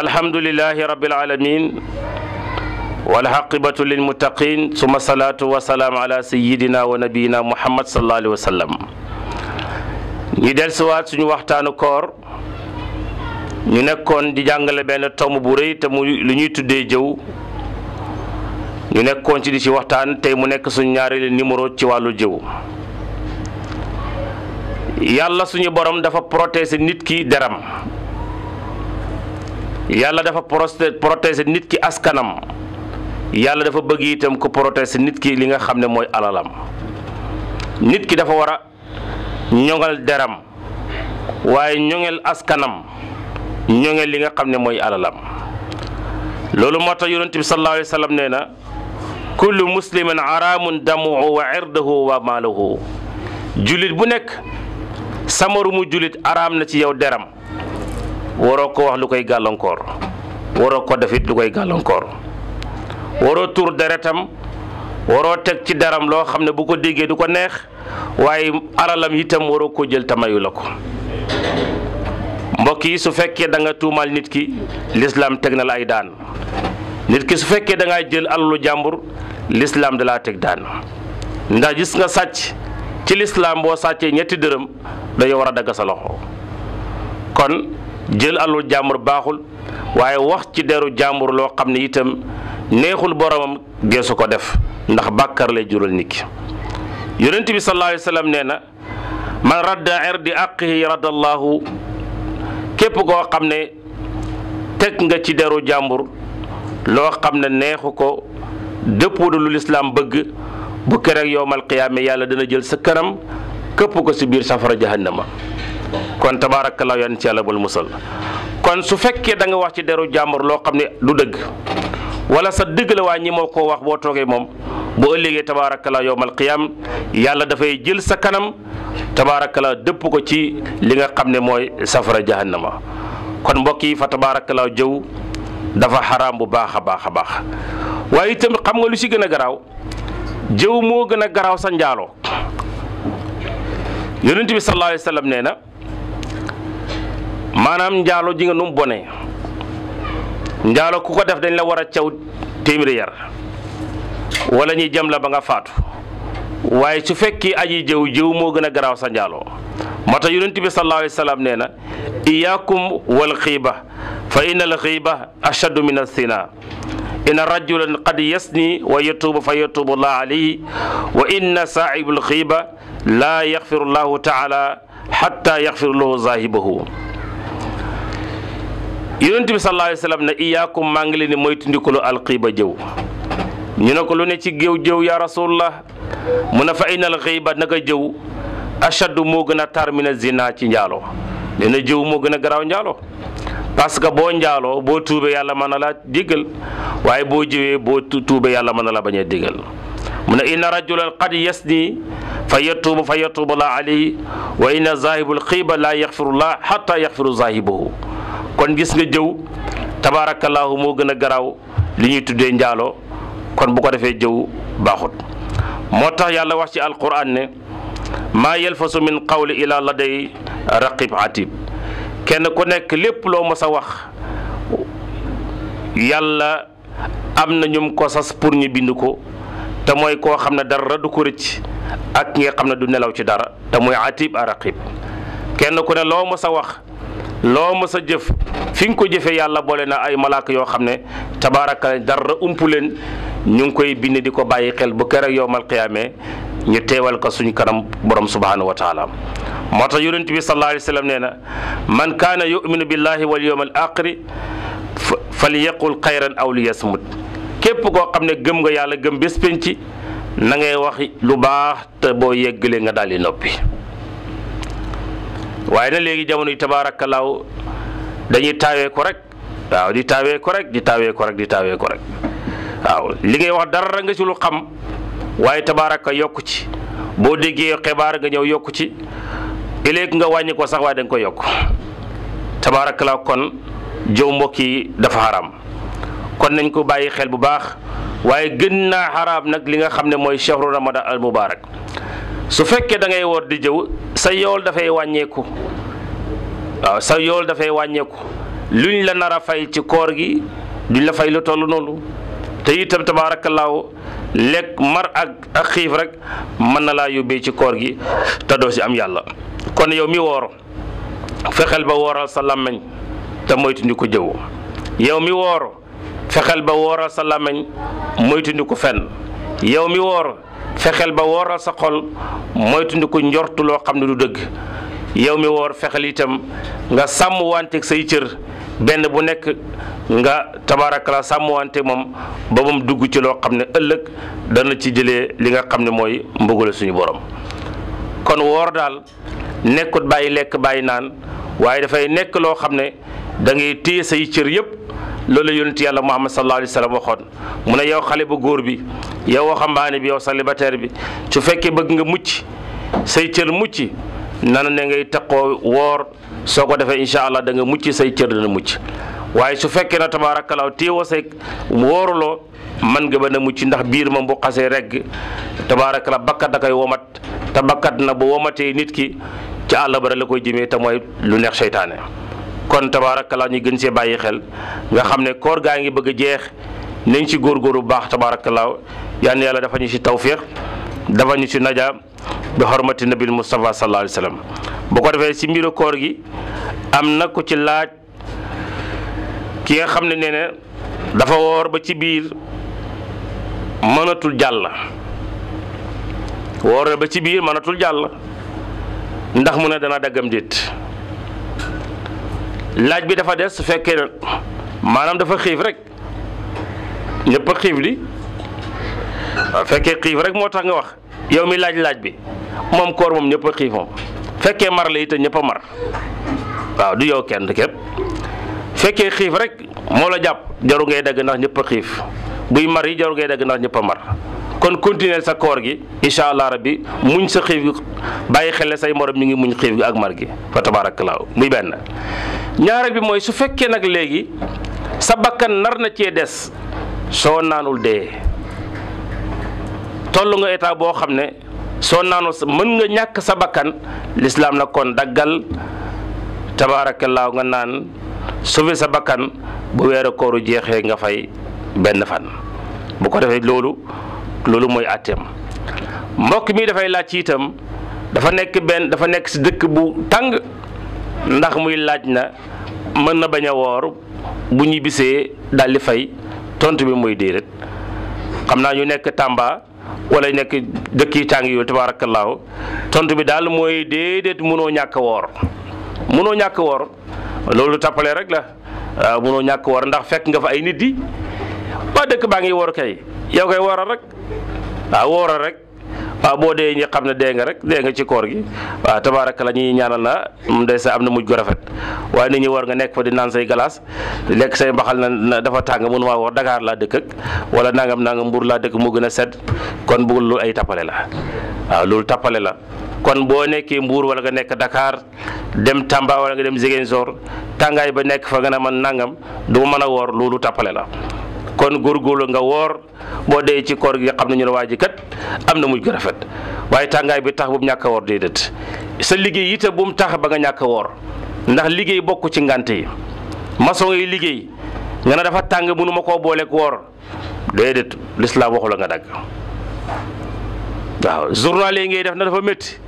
alhamdulilahi rabbil alamin walxaqibatu lilmuttaqin suma salaatu wasalaam ala sayidina wa nabiyina muhammad sallallahu alayhi wa sallam ñu dellusiwaat suñu waxtaanu koor ñu nekkoon di jàngale benn tomb bu rëy te mu lu ñuy tuddee jëw ñu nekkoon ci di ci waxtaan tey mu nekk suñu ñaareelu numéro ci wàllu jëw yàlla suñu borom dafa protéger nit ki deram yàlla dafa protéger nit ki askanam yàlla dafa bëgg itam ko protéger nit ki li nga xam ne mooy alalam nit ki dafa wara ñoŋal deram waaye ñoŋel askanam ñoŋel li nga xam ne mooy alalam loolu moo tax yonent bi sallallahu alayhi nee na kullu muslimin haramun damuhu wa irduhu wa maaluhu jullit bu nekk samaru mu jullit araam na ci yow deram waroo ko wax lu koy gàllankoor waroo ko def lu koy gàllankoor waroo tuur deretam waroo teg ci daram loo xam ne bu ko déggee du ko neex waaye alalam itam waroo ko jël tamayu la ko mbokk yi su fekkee danga tuumaal nit ki lislaam teg na la ay daan nit ki su fekkee da ngaa jël alalu jàmbur lislaam da laa teg daan ndax gis nga sàcc ci lislaam boo sàccee ñetti dërëm dañoo war a dagg sa loxo kon jël alul jàmbur baaxul waaye wax ci deru jàmbur loo xam ne itam neexul boromam geesu ko def ndax bàkkar lay jural nit ki yonent bi sallallahu alayhi wa sallam nee na man radda irdi aqihi radallahu képp koo xam ne teg nga ci deru jàmbur loo xam ne neexu ko dëppoo lu lislaam bëgg bu keroog yowmal qiyaame yàlla dana jël sa kanam këpp ko ci biir safara jahannama kon tabaarakallaa yan ci yàlla bul musal kon su fekkee danga wax ci deru jàmbur loo xam ne du dëgg wala sa dëgg waa ñi moo koo wax boo toogee moom boo ëllëgee tabaarakallaa yowmal qiyaam yàlla dafay jël sa kanam tabaarakallaa dëpp ko ci li nga xam ne mooy safara jahannama kon mbokk yi fa tabaarakallaa jëw dafa xaraam bu baax a baax a baax waaye itam xam nga lu ci gën a garaaw jëw moo gën a garaaw sa njaalo yonent bi sallallahu alayhi nee na maanaam njaalo ji nga nu bone njaalo ku ko def dañ la war a caw téeméeri wala ñuy jam la ba nga faatu waaye su fekki aji jaw jëw moo gën a garaaw sa njaaloo moo tax yonent bi sallallahu alayhi wa sallam nee na iyaakum wal xiiba fa inna al xiiba ashaddu min asina inna rajulan qad yasni wa yatubu fa yatubu llah alayhi wa inna saahibu al xiiba laa yaxfiru llahu taala xatta yaxfiru lahu zaahibahu yonent bi sallallahu alayhi wa sallam ne iyaakum maa ngi leen di moytandikulu alxiiba jëw ñu ne ko lu ne ci géew jëw ya rasulullah mu ne fa inal xiiba naka jëw ashaddu moo gën a tar mina zina ci njaaloo nee na jëw moo gën a garaaw njaaloo parce que boo njaaloo boo tuubee yàlla mën na la digal waaye boo jëwee boo tuubee yàlla mën na la bañ a digal mu ne inna rajulan qad yasni fa yatuubu fa yatuubu la alayhi wa inna zaahibul xiiba la yaxfirullah xatta yaxfiru zaahibahu kon gis nga jëw tabaarakallaahu moo gën a garaaw li ñuy tuddee njaaloo kon bu ko defee jëw baaxut moo tax yàlla wax ci alquran ne maa yelfasu min qawli ila laday raqib atib kenn ku nekk lépp loo mës a wax yàlla am na ñum ko sas pour ñu bind ko te mooy koo xam ne dara du ko rëcc ak ki nga xam ne du nelaw ci dara te mooy atib a raqib kenn ku ne loo mës a wax loo mës a jëf fi nga ko jëfee yàlla boole na ay malaaka yoo xam ne tabaaraka dara ump leen ñu ngi koy bind di ko bàyyi xel bu keroog yowmal qiyaame ñu teewal ko suñu kanam borom subhaanahu wa taala moo tax yu leen sallallahu sa wa sallam nee na man kaana yuminu billahi wal yawmal aaxiri fal yaqul xayran aw li yasmut képp ko xam ne gëm nga yàlla gëm bés penc na ngay wax lu baax te boo yeggalee nga daal di noppi. waaye na léegi jamono yi tabaarakallaahu dañuy taawee ko rek waaw di taawee ko rek di taawee ko rek di taawee ko rek waaw li ngay wax dara nga ci lu xam waaye tabaaraka yokk ci boo déggee xibaar nga ñëw yokk ci ileeg nga wàññi ko sax waaye da koy yokk tabaaraka la kon jëw mbokk yi dafa xaraam kon nañ ko bàyyi xel bu baax waaye gën naa xaraam nag li nga xam ne mooy chahru ramadan al mubarak su fekkee da ngay woor di jëw sa yool dafay wàññeeku waaw sa yool dafay wàññeeku luñ la nar a fay ci koor gi duñ la fay lu toll noonu te itam tabaarakallaahu lekk mar ak xiif rek mën na laa yóbbee ci koor gi te doo si am yàlla kon yow mi woor fexeel ba wooral sa làmmiñ te moytundi ko jëw yow mi wooro fexeel ba wooral sa làmmiñ moytundi ko fenn yow mi woor fexeel ba wooral sa xol moytundiku njortu loo xam ne du dëgg yow mi woor fexeel itam nga sàmm wanteeg say cër benn bu nekk nga tabaarakala sàmm wante moom ba mu dugg ci loo xam ne ëllëg dana ci jëlee li nga xam ne mooy mbugale suñu borom kon woor daal nekkut bàyyi lekk bàyyi naan waaye dafay nekk loo xam ne da ngay téye say cër yëpp loolu yonent yàlla muhammad sallallahu alayhi wa sallam waxoon mu ne yow xale bu góor bi yow waxambaane bi yow célibataire bi su fekkee bëgg nga mucc say cër mucc nana ne ngay taqoo woor soo ko defee incha allah da nga mucc say cër dana mucc waaye su fekkee na tabaarakallaahu téewoo say wooruloo man nga ba na mucc ndax biir moom bu xasee regg tabaarakallaahu bakkat da koy womat te bakkat na bu womatee nit ki ci àll ba la koy jëmee te mooy lu neex seytaane kon tabaarakallaa ñu gën see bàyyi xel nga xam ne koor gaa ngi bëgg a jeex nañ ci góor góor bu baax tabaarakallaa yal na yàlla dafa ñu si tawfiq dafa ñu ci naja bi xormati nabil Mustafa sallallahu alayhi wa sallam bu ko defee ci mbiru koor gi am na ku ci laaj ki nga xam ne nee na dafa woor ba ci biir mënatul jàll woor ba ci biir mënatul jàll ndax mu ne dana daggam déet laaj bi dafa des su fekkee ne maanaam dafa xiif rek ñëpp a xiif li fekkee xiif rek moo tax nga wax yow mi laaj laaj bi moom koor moom ñëpp a xiif moom fekkee mar la itam ñëpp mar waaw du yow kenn képp fekkee xiif rek moo la jàpp jaru ngay dagg ndax ñëpp xiif buy mar yi jaru ngay dagg ndax ñëpp mar kon continuer sa koor gi incha allah rabbi muñ sa xiif gi bàyyi xel say morom ñu ngi muñ xiif gi ak mar gi fa tabarakallah muy benn ñaareel bi mooy su fekkee nag léegi sa bakkan nar na cee des soo naanul dee toll nga état boo xam ne soo naanul mën nga ñàkk sa bakkan lislaam na kon daggal tabarakallah nga naan sauver sa bakkan bu kooru jeexee nga fay benn fan bu ko defee loolu loolu mooy àtteem mbokk mii dafay laaj ci itam dafa nekk benn dafa nekk si dëkk bu tàng ndax muy laaj na mën na bañ a woor bu ñibbisee dal di fay tont bi mooy déedéet xam naa ñu nekk Tamba wala nekk dëkk yi tàng yooyu tabaarakallaahu tontu bi daal mooy déedéet mënoo ñàkk woor mënoo ñàkk woor loolu tappale rek la waaw ah, mënoo ñàkk woor ndax fekk nga fa ay nit di waa dëkk baa ngi woor kay yow koy wooral rek waaw wooral rek waaw boo dee ñi xam ne dee nga rek dee nga ci koor gi waaw tabaaraka la ñuy ñaanal na sa am na mujj gu rafet waaye nit ñi war nga nekk fa di naan say galaas lekk say mbaxal na dafa tàng mun maa war Dakar laa dëkk wala nangam nangam Mbuur laa dëkk moo gën a sedd kon bu loolu ay tappale la waaw loolu tappale la kon boo nekkee Mbuur wala nga nekk Dakar dem Tamba wala nga dem Ziguinchor tàngaay ba nekk fa nga ne man nangam du mën a woor loolu tappale la kon góor góorgóorlu nga woor boo dee ci koor gi nga xam ne ñu la waa ji kat am na mujj gu rafet waaye tàngaay bi tax bu mu ñàkk a woor déedéet sa liggéey itam bu mu tax ba nga ñàkk woor ndax liggéey bokk ci ngante yi maçon yi liggéey nga ne dafa tàng mënu ma koo booleeg woor déedéet lislaam waxu la nga dagg waaw journal yi ngay def na dafa métti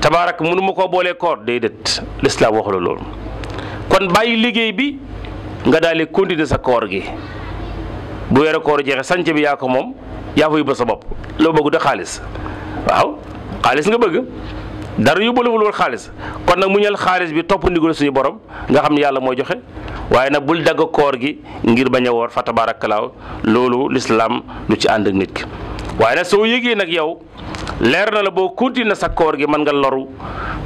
tabaarak mënu ma koo booleeg koor déedéet lislaam waxu la loolu kon bàyyi liggéey bi nga daal di continuer sa koor gi. bu weeru koor jeexee sànce bi yaa ko moom yaa fa yóbbu sa bopp loo bëgg de xaalis waaw xaalis nga bëgg dara yóbbalewul woon xaalis kon nag mu ñal xaalis bi topp ndigal suñu borom nga xam ne yàlla mooy joxe waaye nag bul dagg koor gi ngir bañ a woor fa tabarakalaaw loolu lislaam lu ci ànd ak nit ki waaye nag soo yëgee nag yow. leer na la boo continué sa koor gi mën nga loru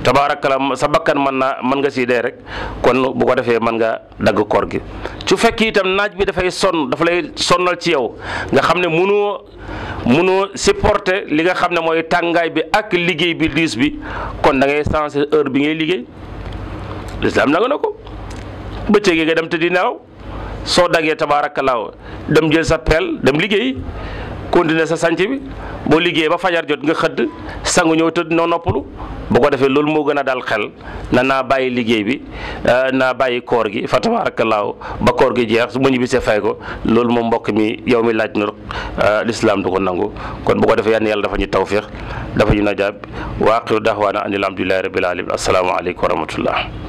tabaarakala sa bakkan man naa mën nga siy dee rek kon bu ko defee man nga dagg koor gi su fekkee itam naaj bi dafay sonn dafa lay sonnal ci yow nga xam ne mënoo mënoo supporter li nga xam ne mooy tàngaay bi ak liggéey bi diis bi kon da ngay changer heure bi ngay liggéey lislaam nanga na ko bëccëg gi nga dem te di nelaw soo daggee tabaarakala dem jël sa peel dem liggéey continuer sa sanc bi boo liggéeyee ba fajar jot nga xëdd sangu ñëw tëdd noo noppalu bu ko defee loolu moo gën a daal xel na naa bàyyi liggéey bi euh, naa bàyyi koor gi fa tabaarakallaahu ba koor gi jeex su ma ñibbisee fay ko loolu moom mbokk mi yow mi laaj na euh, lislaam du ko nangu kon bu ko defee yal yàlla dafa ñu tawfiq dafa ñu najaab wa aqiru dahwaana anil hamdulillahi rabbil alamin assalaamu aleykum wa rahmatullah